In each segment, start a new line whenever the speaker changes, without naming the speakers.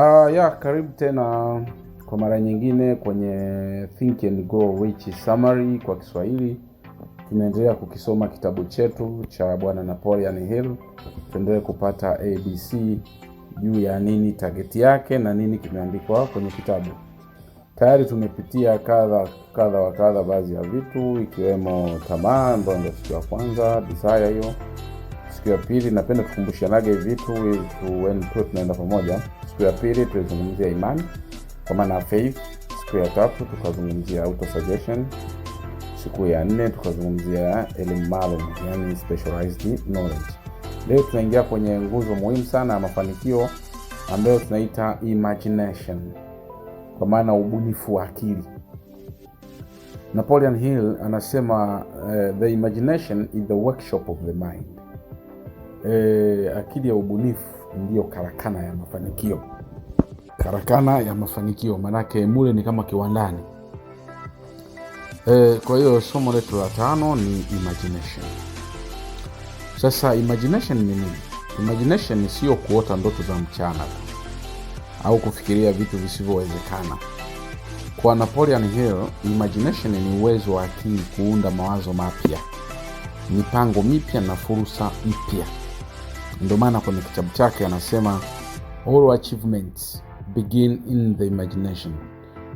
Uh, ya karibu tena kwa mara nyingine kwenye Think and Grow Rich Summary kwa Kiswahili. Tunaendelea kukisoma kitabu chetu cha Bwana Napoleon Hill, tuendelee kupata ABC juu ya nini tageti yake na nini kimeandikwa kwenye kitabu. Tayari tumepitia kadha kadha wa kadha baadhi ya vitu ikiwemo tamaa ambayo ndio siku ya kwanza desire hiyo siku ya pili napenda tukumbushanage vitu ili tuwe tunaenda pamoja. Siku ya pili tulizungumzia imani kwa maana faith. Siku ya tatu tukazungumzia auto suggestion. Siku ya nne tukazungumzia elimu maalum, yani specialized knowledge. Leo tunaingia kwenye nguzo muhimu sana ya mafanikio ambayo tunaita imagination, kwa maana ubunifu wa akili. Napoleon Hill anasema uh, the imagination is the workshop of the mind e, akili ya ubunifu ndiyo karakana ya mafanikio. Karakana ya mafanikio maanake mule ni kama kiwandani. E, kwa hiyo somo letu la tano ni imagination. Sasa imagination ni nini? Imagination sio kuota ndoto za mchana au kufikiria vitu visivyowezekana. Kwa Napoleon Hill, imagination ni uwezo wa akili kuunda mawazo mapya, mipango mipya na fursa mpya. Ndio maana kwenye kitabu chake anasema all achievements begin in the imagination,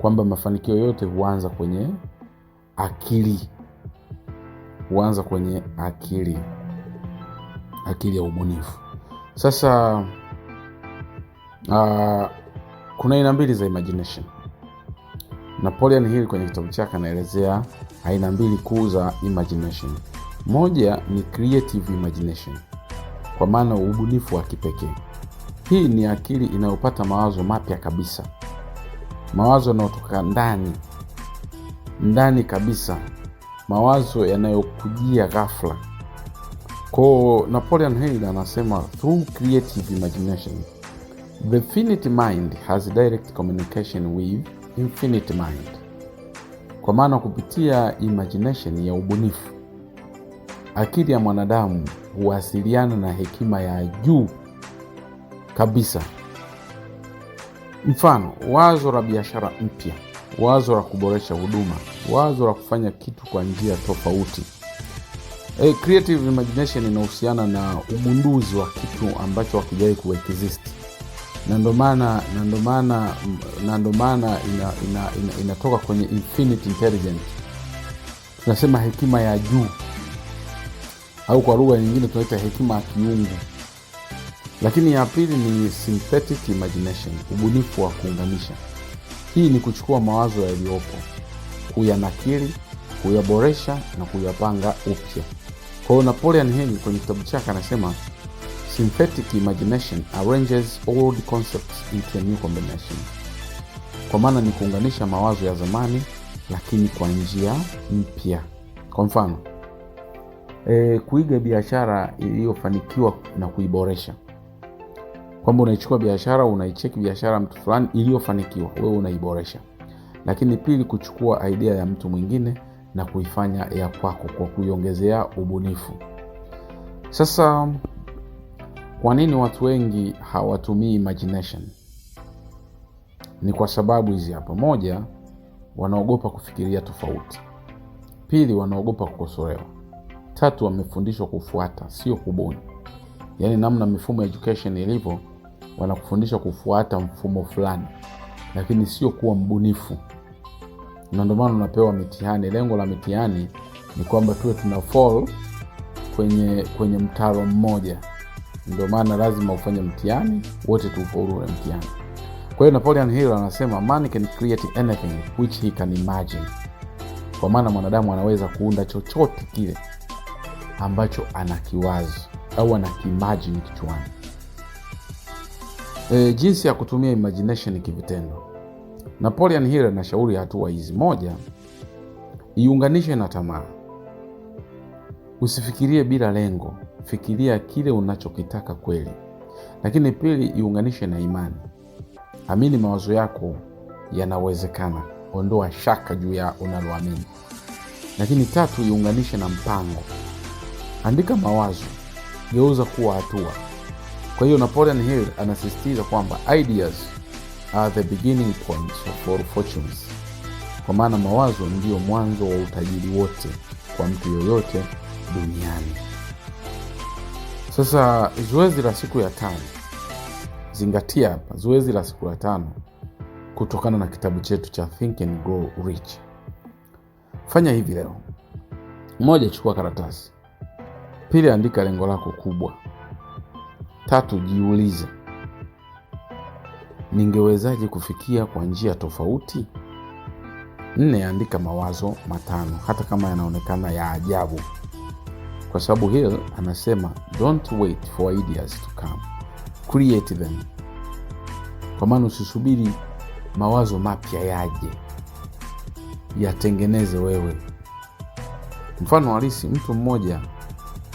kwamba mafanikio yote huanza kwenye akili, huanza kwenye akili, akili ya ubunifu. Sasa uh, kuna aina mbili za imagination. Napoleon Hill kwenye kitabu chake anaelezea aina mbili kuu za imagination. Moja ni creative imagination kwa maana ubunifu wa kipekee. Hii ni akili inayopata mawazo mapya kabisa, mawazo yanayotoka ndani ndani kabisa, mawazo yanayokujia ghafla. Kwa Napoleon Hill anasema through creative imagination the finite mind has direct communication with infinite mind, kwa maana kupitia imagination ya ubunifu Akili ya mwanadamu huwasiliana na hekima ya juu kabisa. Mfano, wazo la biashara mpya, wazo la kuboresha huduma, wazo la kufanya kitu kwa njia tofauti. E, creative imagination inahusiana na ugunduzi wa kitu ambacho hakijawahi kuexist, na ndo maana na ndo maana na ndo maana inatoka ina, ina, ina kwenye infinite intelligence, tunasema hekima ya juu au kwa lugha nyingine tunaita hekima ya kiungu. Lakini ya pili ni synthetic imagination, ubunifu wa kuunganisha. Hii ni kuchukua mawazo yaliyopo, kuyanakili, kuyaboresha na kuyapanga upya. Kwa hiyo Napoleon Hill kwenye kitabu chake anasema synthetic imagination arranges old concepts into a new combination, kwa maana ni kuunganisha mawazo ya zamani lakini kwa njia mpya. Kwa mfano e, kuiga biashara iliyofanikiwa na kuiboresha, kwamba unaichukua biashara, unaicheki biashara mtu fulani iliyofanikiwa, wewe unaiboresha. Lakini pili, kuchukua idea ya mtu mwingine na kuifanya ya kwako kwa kuiongezea ubunifu. Sasa kwa nini watu wengi hawatumii imagination? Ni kwa sababu hizi hapa: moja, wanaogopa kufikiria tofauti; pili, wanaogopa kukosolewa Tatu, wamefundishwa kufuata, sio kubuni. Yaani namna mifumo ya education ilivyo, wanakufundisha kufuata mfumo fulani, lakini sio kuwa mbunifu, na ndio maana unapewa mitihani. Lengo la mitihani ni kwamba tuwe tuna fall kwenye kwenye mtaro mmoja, ndio maana lazima ufanye mtihani, wote tuufaulu ule mtihani. Kwa hiyo Napoleon Hill anasema man can create anything which he can imagine, kwa maana mwanadamu anaweza kuunda chochote kile ambacho anakiwazo au anakiimajini kichwani. E, jinsi ya kutumia imagination kivitendo. Napoleon Hill anashauri hatua hizi: moja, iunganishe na tamaa. Usifikirie bila lengo, fikiria kile unachokitaka kweli. Lakini pili, iunganishe na imani. Amini mawazo yako yanawezekana, ondoa shaka juu ya unaloamini. Lakini tatu, iunganishe na mpango. Andika mawazo, geuza kuwa hatua. Kwa hiyo Napoleon Hill anasisitiza kwamba ideas are the beginning points of all fortunes, kwa maana mawazo ndiyo mwanzo wa utajiri wote kwa mtu yoyote duniani. Sasa zoezi la siku ya tano, zingatia hapa, zoezi la siku ya tano kutokana na kitabu chetu cha Think and Grow Rich. Fanya hivi leo: moja, chukua karatasi Pili, andika lengo lako kubwa. Tatu, jiulize ningewezaje kufikia kwa njia tofauti. Nne, andika mawazo matano hata kama yanaonekana ya ajabu, kwa sababu Hill anasema don't wait for ideas to come, create them, kwa maana usisubiri mawazo mapya yaje, yatengeneze wewe. Mfano halisi, mtu mmoja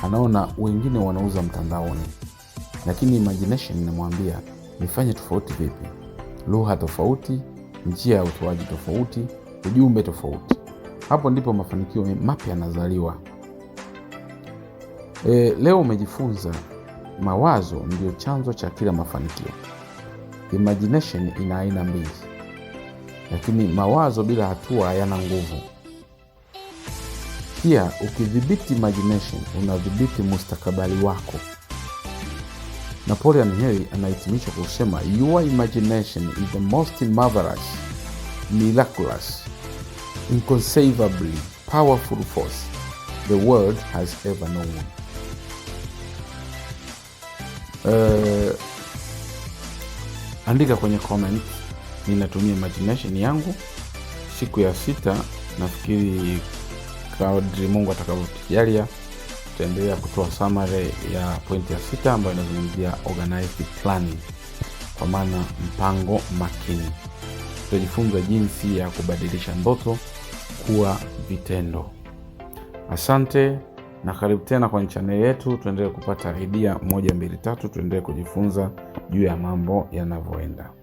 anaona wengine wanauza mtandaoni, lakini imagination inamwambia nifanye tofauti vipi? Lugha tofauti, njia ya utoaji tofauti, ujumbe tofauti. Hapo ndipo mafanikio mapya yanazaliwa. E, leo umejifunza mawazo ndio chanzo cha kila mafanikio. Imagination ina aina mbili, lakini mawazo bila hatua hayana nguvu. Pia ukidhibiti imagination unadhibiti mustakabali wako. Napoleon Hill anahitimisha kwa kusema your imagination is the most marvelous, miraculous, inconceivably powerful force the world has ever known. Uh, andika kwenye comment ninatumia imagination yangu siku ya sita nafikiri kadri Mungu atakavyotujalia tutaendelea kutoa samare ya pointi ya sita ambayo inazungumzia organized planning, kwa maana mpango makini. Tutajifunza jinsi ya kubadilisha ndoto kuwa vitendo. Asante na karibu tena kwenye chaneli yetu, tuendelee kupata idea moja mbili tatu, tuendelee kujifunza juu ya mambo yanavyoenda.